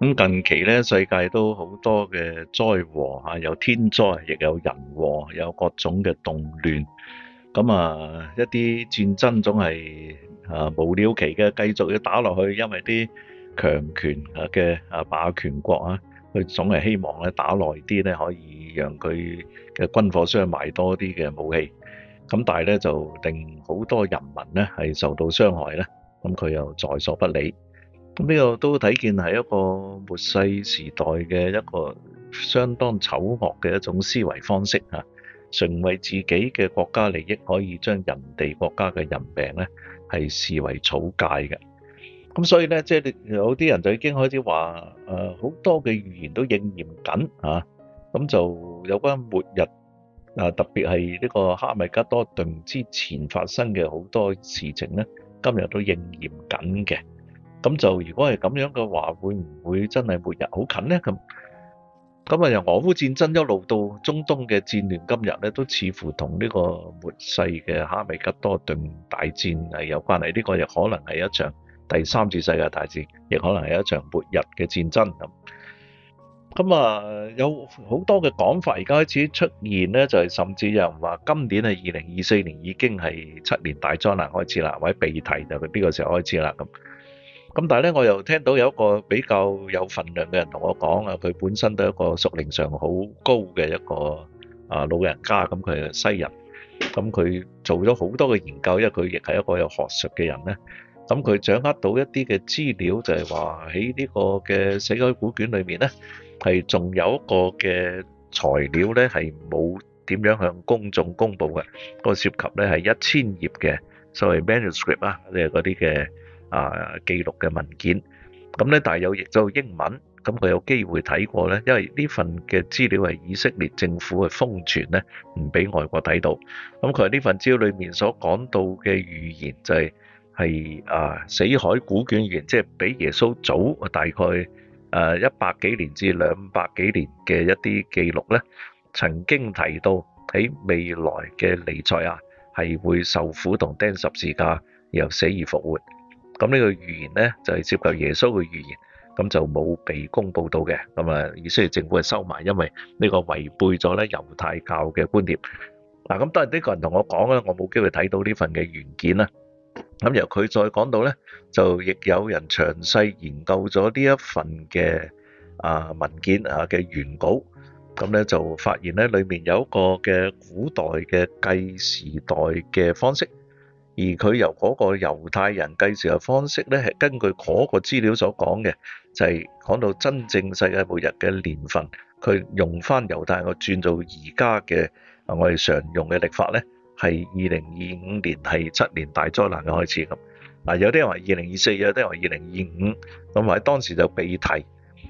咁近期咧，世界都好多嘅災禍嚇，有天災，亦有人禍，有各種嘅動亂。咁啊，一啲戰爭總係啊無了期嘅，繼續要打落去，因為啲強權嘅啊霸權國啊，佢總係希望咧打耐啲咧，可以讓佢嘅軍火商買多啲嘅武器。咁但係咧，就令好多人民咧係受到傷害咧，咁佢又在所不理。呢個都睇見係一個末世時代嘅一個相當醜惡嘅一種思維方式，成為自己嘅國家利益，可以將人哋國家嘅人命咧係視為草芥嘅。咁所以咧，即係有啲人就已經開始話，誒，好多嘅預言都應驗緊啊，咁就有關末日啊，特別係呢個哈米加多頓之前發生嘅好多事情咧，今日都應驗緊嘅。咁就如果係咁樣嘅話，會唔會真係末日好近呢？咁咁啊，由俄烏戰爭一路到中東嘅戰亂，今日咧都似乎同呢個末世嘅哈美吉多頓大戰係有關係。呢個亦可能係一場第三次世界大戰，亦可能係一場末日嘅戰爭咁。咁啊，有好多嘅講法，而家開始出現咧，就係甚至有人話今年啊，二零二四年已經係七年大災難開始啦，或者被提就係呢個時候開始啦咁。咁但係咧，我又聽到有一個比較有份量嘅人同我講啊，佢本身都係一個熟齡上好高嘅一個啊老人家，咁佢係西人，咁佢做咗好多嘅研究，因為佢亦係一個有學術嘅人咧。咁佢掌握到一啲嘅資料，就係話喺呢個嘅《死海古卷》裏面咧，係仲有一個嘅材料咧，係冇點樣向公眾公布嘅。個涉及咧係一千頁嘅所謂 manuscript 啊，即係嗰啲嘅。啊！記錄嘅文件咁咧，但係有譯做英文咁，佢有機會睇過咧。因為呢份嘅資料係以色列政府嘅封存咧，唔俾外國睇到。咁佢喺呢份資料裏面所講到嘅預言就係係啊死海古卷言，即係比耶穌早大概誒一百幾年至兩百幾年嘅一啲記錄咧，曾經提到喺未來嘅彌賽亞，係會受苦同釘十字架，然後死而復活。咁呢個預言咧就係接近耶穌嘅預言，咁就冇被公佈到嘅，咁啊，意思係政府收埋，因為呢個違背咗咧猶太教嘅觀點。嗱，咁當然呢個人同我講咧，我冇機會睇到呢份嘅原件啦。咁由佢再講到咧，就亦有人詳細研究咗呢一份嘅啊文件啊嘅原稿，咁咧就發現咧裡面有一個嘅古代嘅計時代嘅方式。而佢由嗰個猶太人計時嘅方式咧，係根據嗰個資料所講嘅，就係講到真正世界末日嘅年份，佢用翻猶太人轉到現在的我轉做而家嘅我哋常用嘅曆法咧，係二零二五年係七年大災難嘅開始咁。嗱，有啲人話二零二四，有啲人話二零二五，咁或者當時就被提，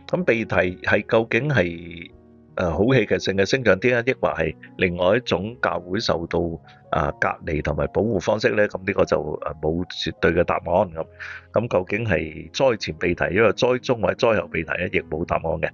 咁被提係究竟係誒好戲劇性嘅升漲啲咧，抑或係另外一種教會受到？啊，隔離同埋保護方式咧，咁呢個就冇絕對嘅答案咁。咁究竟係災前被提，因為災中或者災後被提咧，亦冇答案嘅。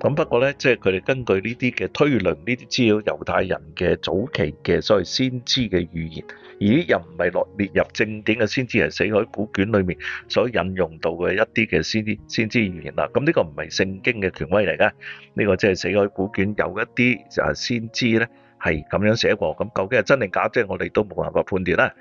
咁不過咧，即係佢哋根據呢啲嘅推論，呢啲資料，猶太人嘅早期嘅所謂先知嘅預言，咦，又唔係落列入正典嘅先知，係死海古卷裏面所引用到嘅一啲嘅先知先知預言啦。咁呢個唔係聖經嘅權威嚟嘅，呢個即係死海古卷有一啲就係先知咧。係咁樣寫過，咁究竟係真定假？即係我哋都冇辦法判斷啦。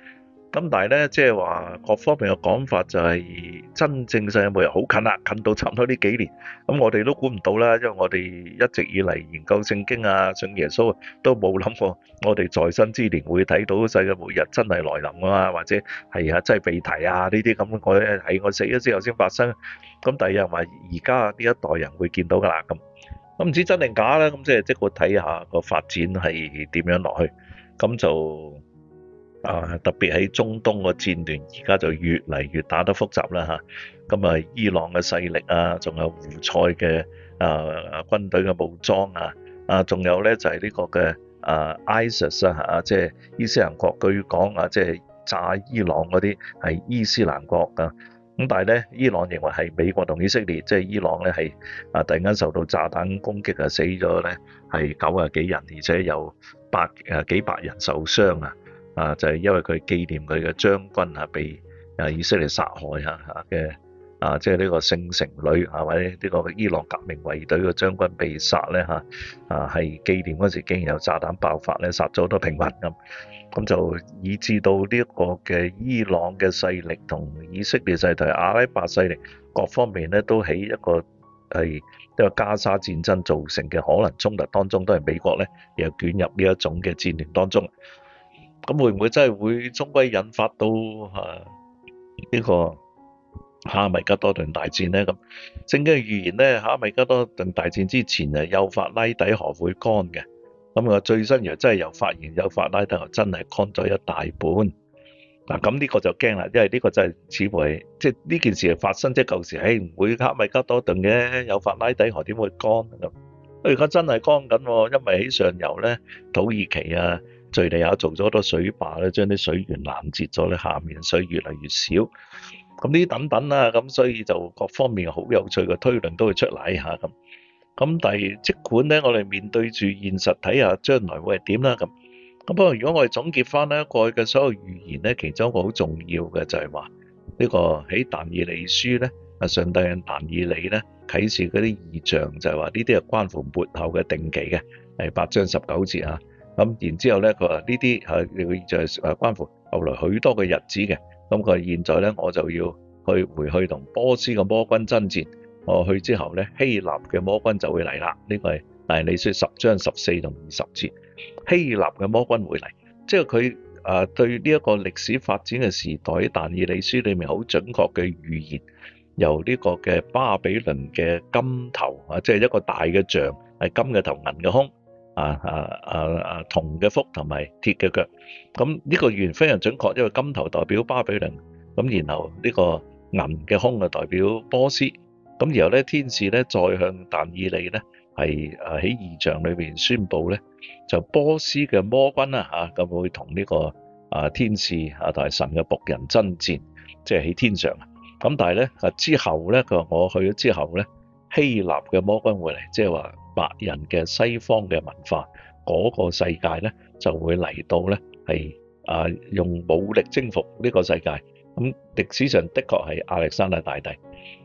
咁但係咧，即係話各方面嘅講法就係真正世界末日好近啦，近到差唔多呢幾年。咁我哋都估唔到啦，因為我哋一直以嚟研究聖經啊，信耶穌啊都冇諗過，我哋在生之年會睇到世界末日真係來臨啊，或者係啊真係被提啊呢啲咁。我喺我死咗之後先發生。咁第二，又話而家呢一代人會見到噶啦咁。咁唔知真定假啦，咁即係即係我睇下個發展係點樣落去，咁就啊特別喺中東個戰亂，而家就越嚟越打得複雜啦吓咁啊，伊朗嘅勢力啊，仲有胡塞嘅、啊、軍隊嘅武裝啊，啊仲有咧就係、是、呢個嘅、啊、ISIS 啊即係、啊就是、伊斯蘭國，據講啊即係、就是、炸伊朗嗰啲係伊斯蘭國㗎、啊。但係伊朗認為係美國同以色列，即、就、係、是、伊朗咧係、啊、突然間受到炸彈攻擊啊，死咗呢係九十幾人，而且有百、啊、幾百人受傷啊，就係、是、因為佢紀念佢嘅將軍、啊、被、啊、以色列殺害啊嘅啊，即係呢個聖城女，係咪呢個伊朗革命衛隊嘅將軍被殺咧？嚇，啊係紀念嗰時，竟然有炸彈爆發咧，殺咗好多平民咁，咁就以致到呢個嘅伊朗嘅勢力同以色列勢力、阿拉伯勢力各方面咧，都喺一個係因為加沙戰爭造成嘅可能衝突當中，都係美國咧又捲入呢一種嘅戰亂當中。咁會唔會真係會終歸引發到啊呢個？哈米加多頓大戰咧咁，聖經預言咧，哈米加多頓大戰之前誒，有法拉底河會乾嘅。咁啊，最新嘅真係有發現有、就是發就是，有法拉底河的真係乾咗一大半。嗱，咁呢個就驚啦，因為呢個真係似乎係，即係呢件事嘅發生，即係舊時喺唔會哈米加多頓嘅，有法拉底河點會乾咁？佢而家真係乾緊，因為喺上游咧，土耳其啊，敘利亞啊，做咗好多水壩咧，將啲水源攔截咗咧，下面水越嚟越少。咁呢啲等等啦，咁所以就各方面好有趣嘅推論都會出嚟下咁。咁但係即管咧，我哋面對住現實睇下，將來會係點啦咁。咁不過，如果我哋總結翻咧過去嘅所有預言咧，其中一個好重要嘅就係話呢個喺但以理書咧，上帝嘅但以理咧，啟示嗰啲異象就係話呢啲係關乎末後嘅定期嘅，係八章十九節啊。咁然之後咧，佢話呢啲係佢就係關乎後來許多嘅日子嘅。咁佢現在呢，我就要去回去同波斯嘅魔軍爭戰。我去之後呢，希臘嘅魔軍就會嚟啦。呢、這個係《但以理書》十章十四同二十節，希臘嘅魔軍會嚟，即係佢對對呢歷個歷史發展嘅時代，《但以理書》裏面好準確嘅預言，由呢個嘅巴比倫嘅金頭啊，即、就、係、是、一個大嘅像係金嘅頭銀嘅胸。啊啊啊啊！銅、啊、嘅腹同埋鐵嘅腳，咁呢個預言非常準確，因為金頭代表巴比倫，咁然後呢個銀嘅胸啊代表波斯，咁然後咧天使咧再向但以利咧係啊喺異象裏邊宣佈咧，就波斯嘅魔軍啊嚇，咁會同呢個啊天使啊同神嘅僕人爭戰，即係喺天上。咁但係咧啊之後咧，佢話我去咗之後咧，希臘嘅魔軍會嚟，即係話。白人嘅西方嘅文化嗰個世界咧，就會嚟到咧，係啊用武力征服呢個世界。咁歷史上的確係亞歷山大大帝，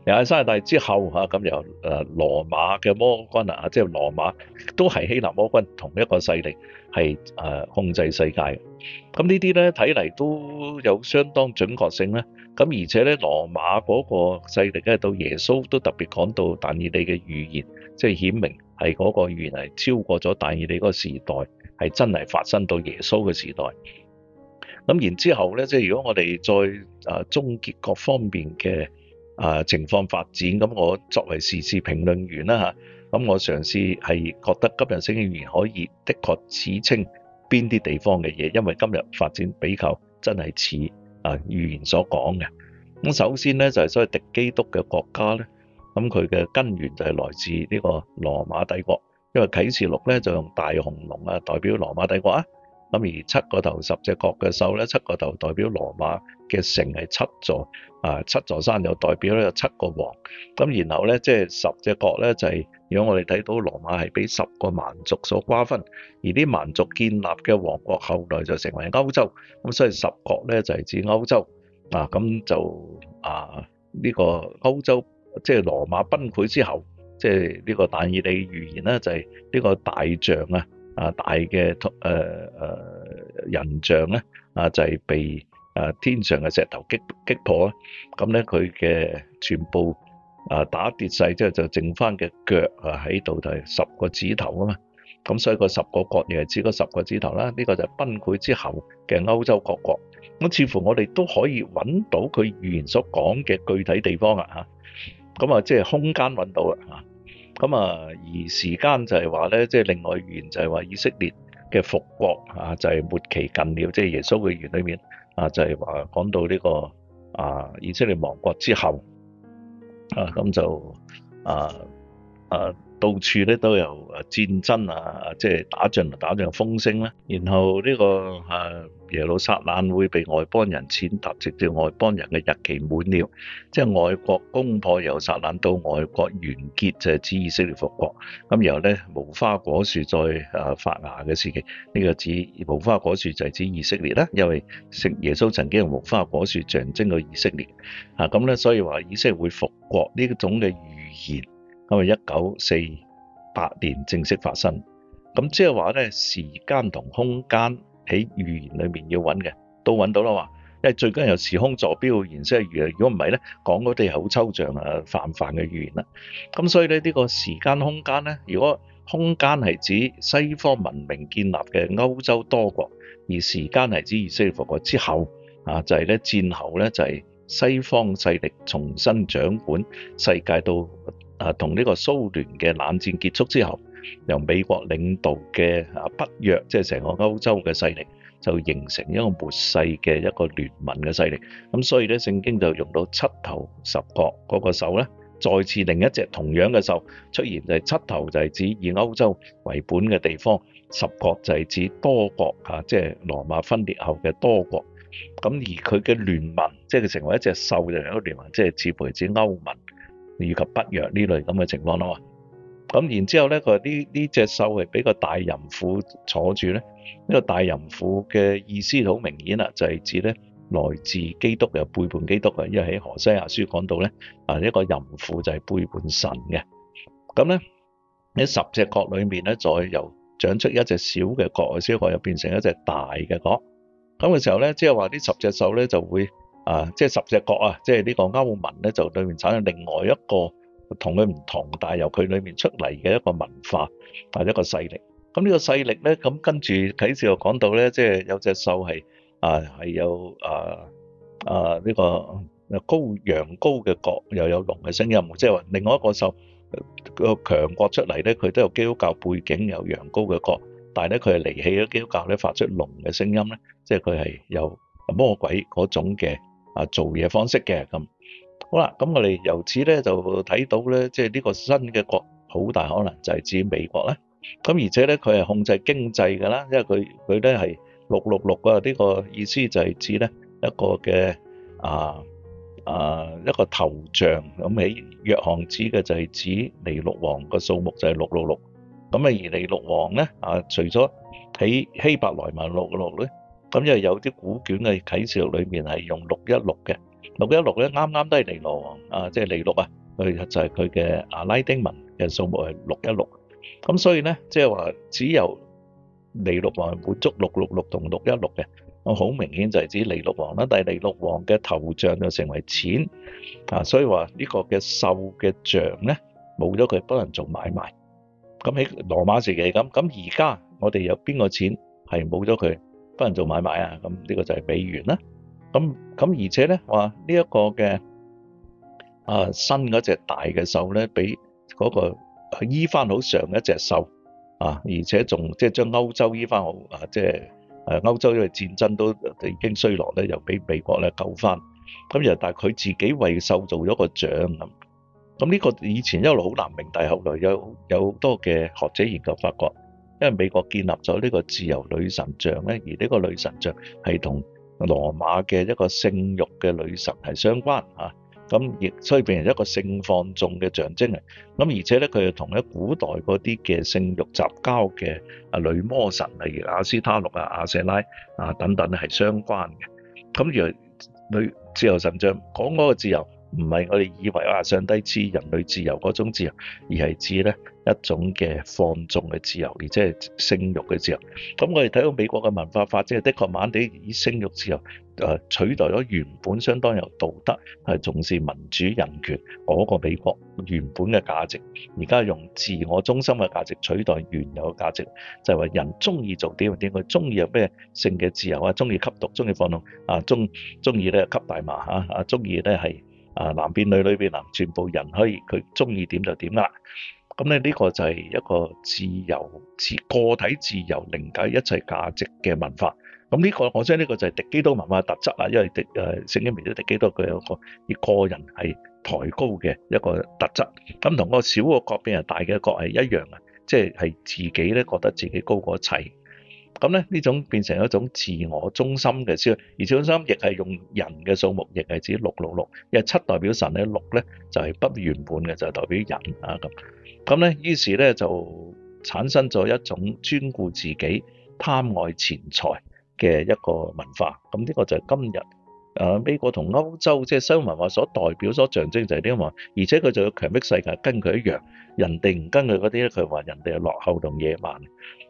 亞歷山大帝之後咁由誒羅馬嘅魔軍啊，即係羅馬都係希臘魔軍同一個勢力係控制世界。咁呢啲咧睇嚟都有相當準確性咧。咁而且咧羅馬嗰個勢力咧到耶穌都特別講到但以理嘅預言，即係顯明係嗰個預言係超過咗但以理嗰個時代，係真係發生到耶穌嘅時代。咁然之後咧，即係如果我哋再啊總結各方面嘅啊情況發展，咁我作為時事評論員啦嚇，咁我嘗試係覺得今日聖經預言可以的確指稱邊啲地方嘅嘢，因為今日發展比較真係似啊預言所講嘅。咁首先咧就係、是、所謂敵基督嘅國家咧，咁佢嘅根源就係來自呢個羅馬帝國，因為啟示錄咧就用大紅龍啊代表羅馬帝國啊。咁而七個頭十隻角嘅獸咧，七個頭代表羅馬嘅城係七座，啊七座山又代表咧有七個王。咁然後咧，即係十隻角咧就係如果我哋睇到羅馬係俾十個蠻族所瓜分，而啲蠻族建立嘅王國，後來就成為歐洲。咁所以十角咧就係指歐洲。啊，咁就啊呢個歐洲，即係羅馬崩潰之後，即係呢個但以理預言咧就係呢個大象啊。啊！大嘅通誒人像咧，啊就係被啊天上嘅石頭擊擊破咧，咁咧佢嘅全部啊打跌晒之後，就剩翻嘅腳啊喺度就係十個指頭啊嘛，咁所以個十個國亦係指個十個指頭啦，呢個就係崩潰之後嘅歐洲各國，咁似乎我哋都可以揾到佢預言所講嘅具體地方啊嚇，咁啊即係空間揾到啦嚇。咁啊，而時間就係話呢，即係另外預言就係話以色列嘅復國啊，就係、是、末期近了，即、就、係、是、耶穌嘅預言裏面、就是說這個、啊，就係話講到呢個啊以色列亡國之後啊，咁就啊啊。啊到處咧都有誒戰爭啊！即係打，打仗，打仗風聲啦。然後呢個誒耶路撒冷會被外邦人踐踏，直至外邦人嘅日期滿了，即係外國攻破由撒冷到外國完結，就係、是、指以色列復國。咁然後咧，無花果樹再誒發芽嘅時期，呢、這個指無花果樹就係指以色列啦，因為聖耶穌曾經用無花果樹象徵咗以色列啊。咁咧，所以話以色列會復國呢種嘅預言。因為一九四八年正式發生，咁即係話咧，時間同空間喺預言裏面要揾嘅都揾到啦嘛。因為最緊有時空坐標，言說如如果唔係咧，講嗰啲係好抽象啊，泛泛嘅預言啦。咁所以咧呢、呢個時間空間咧，如果空間係指西方文明建立嘅歐洲多國，而時間係指以色列復國之後啊，就係、是、咧戰後咧就係西方勢力重新掌管世界都。啊，同呢個蘇聯嘅冷戰結束之後，由美國領導嘅啊北約，即係成個歐洲嘅勢力，就形成一個末世嘅一個聯盟嘅勢力。咁所以咧，聖經就用到七頭十角嗰、那個獸咧，再次另一隻同樣嘅獸出現，就係七頭就係指以歐洲為本嘅地方，十角就係指多國啊，即係羅馬分裂後嘅多國。咁而佢嘅聯盟，即係佢成為一隻獸嘅、是、一個聯盟，即、就、係、是、似乎係指歐盟。以及不弱呢類咁嘅情況啦嘛，咁然之後咧，佢呢呢隻獸係俾個大淫婦坐住咧，呢、這個大淫婦嘅意思好明顯啦，就係、是、指咧來自基督又背叛基督嘅，因為喺何西亞書講到咧，啊、這、一個淫婦就係背叛神嘅，咁咧喺十隻角裏面咧，再由長出一隻小嘅角，小角又變成一隻大嘅角，咁嘅時候咧，即係話呢十隻獸咧就會。啊！即係十隻角啊！即係呢個歐文咧，就裏面產生另外一個同佢唔同，但係由佢裏面出嚟嘅一個文化，啊一個勢力。咁呢個勢力咧，咁跟住啟示又講到咧，即係有隻獸係啊係有啊啊呢個高羊高嘅角，又有龍嘅聲音。即係話另外一個獸個強國出嚟咧，佢都有基督教背景，有羊高嘅角，但係咧佢係離棄咗基督教咧，發出龍嘅聲音咧，即係佢係有魔鬼嗰種嘅。啊！做嘢方式嘅咁好啦，咁我哋由此咧就睇到咧，即係呢個新嘅國，好大可能就係指美國啦。咁而且咧，佢係控制經濟㗎啦，因為佢佢咧係六六六啊！呢個意思就係指咧一個嘅啊啊一個頭像咁喺約翰指嘅就係指尼祿王個數目就係六六六。咁啊而尼祿王咧啊，除咗喺希伯來文六六六咧。咁又有啲古卷嘅啟示錄裏面係用六一六嘅六一六咧，啱啱都係尼羅王啊，即、就、係、是、尼祿啊，佢就係佢嘅阿拉丁文嘅數目係六一六。咁所以咧，即係話只有尼祿王滿足六六六同六一六嘅。咁好明顯就係指尼祿王啦。但係尼祿王嘅頭像就成為錢啊，所以話呢個嘅獸嘅像咧冇咗佢，不能做買賣。咁喺羅馬時期咁，咁而家我哋有邊個錢係冇咗佢？人做買賣這這啊，咁呢個就係美元啦。咁咁而且咧話呢一個嘅啊新嗰隻大嘅獸咧，俾嗰個醫翻好上一隻獸啊，而且仲即係將歐洲醫翻好啊，即係誒歐洲因為戰爭都已經衰落咧，又俾美國咧救翻。咁又但係佢自己為獸做咗個獎咁。咁呢個以前一路好難明，但後來有有好多嘅學者研究發覺，因為美國建立咗呢個自由女神像咧，而呢個女神像係同羅馬嘅一個性欲嘅女神係相關吓，咁亦所以變成一個性放縱嘅象徵嚟。咁而且咧，佢係同一古代嗰啲嘅性欲雜交嘅啊女魔神例如阿斯塔羅啊、阿舍拉啊等等係相關嘅。咁原來女自由神像講嗰個自由，唔係我哋以為啊上帝知人類自由嗰種自由，而係知咧一種嘅放縱嘅自由，而即係性欲嘅自由。咁我哋睇到美國嘅文化發展係的確晚啲以性欲自由取代咗原本相當有道德係重視民主人權嗰個美國原本嘅價值，而家用自我中心嘅價值取代原有嘅價值，就係話人中意做啲乜嘢，佢中意有咩性嘅自由啊，中意吸毒，中意放縱啊，中中意咧吸大麻嚇啊，中意咧係。啊男變女，女變男，全部人可以佢中意點就點啦。咁咧呢個就係一個自由自個體自由，凌駕一切價值嘅文化。咁、嗯、呢、這個我將呢個就係敵基督文化嘅特質啊，因為迪誒聖經裡面都敵基督。佢有個以個人係抬高嘅一個特質。咁、嗯、同個小個國變人大嘅國係一樣啊，即係係自己咧覺得自己高過一切。咁咧呢種變成一種自我中心嘅思想，而中心亦係用人嘅數目，亦係指六六六，因為七代表神咧，六咧就係不圓滿嘅，就係、代表人啊咁。咁咧，於是咧就產生咗一種專顧自己、貪愛錢財嘅一個文化。咁呢個就係今日。誒，美國同歐洲即係西文化所代表、所象徵就係啲咁話，而且佢就要強迫世界跟佢一樣，人哋唔跟佢嗰啲咧，佢話人哋係落後同野蠻。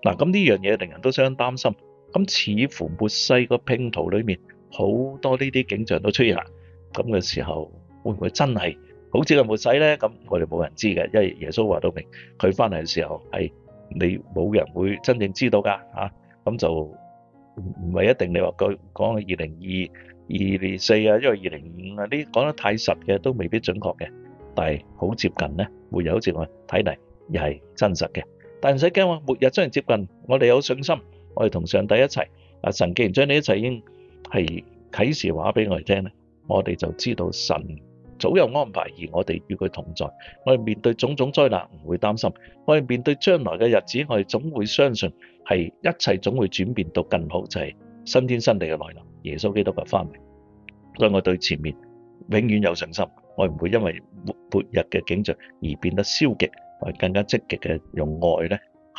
嗱。咁呢樣嘢令人都相當擔心。咁似乎末世個拼圖裏面好多呢啲景象都出現啦。咁嘅時候會唔會真係好似係末世咧？咁我哋冇人知嘅，因為耶穌話到明，佢翻嚟嘅時候係、哎、你冇人會真正知道㗎嚇。咁就唔唔係一定你話佢講嘅二零二。二零四啊，因為二零二五啊，呢，講得太實嘅都未必準確嘅，但係好接近咧，末日好似我睇嚟又係真實嘅。但係唔使驚喎，末日將嚟接近，我哋有信心，我哋同上帝一齊。阿神既然將你一齊，已經係啟示話俾我哋聽咧，我哋就知道神早有安排，而我哋與佢同在。我哋面對種種災難唔會擔心，我哋面對將來嘅日子，我哋總會相信係一切總會轉變到更好，就係新天新地嘅來臨。耶穌基督嘅翻嚟，所以我對前面永遠有信心，我唔會因為末日嘅景象而變得消極，或更加積極嘅用愛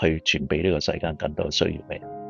去傳遞呢個世間更多的需要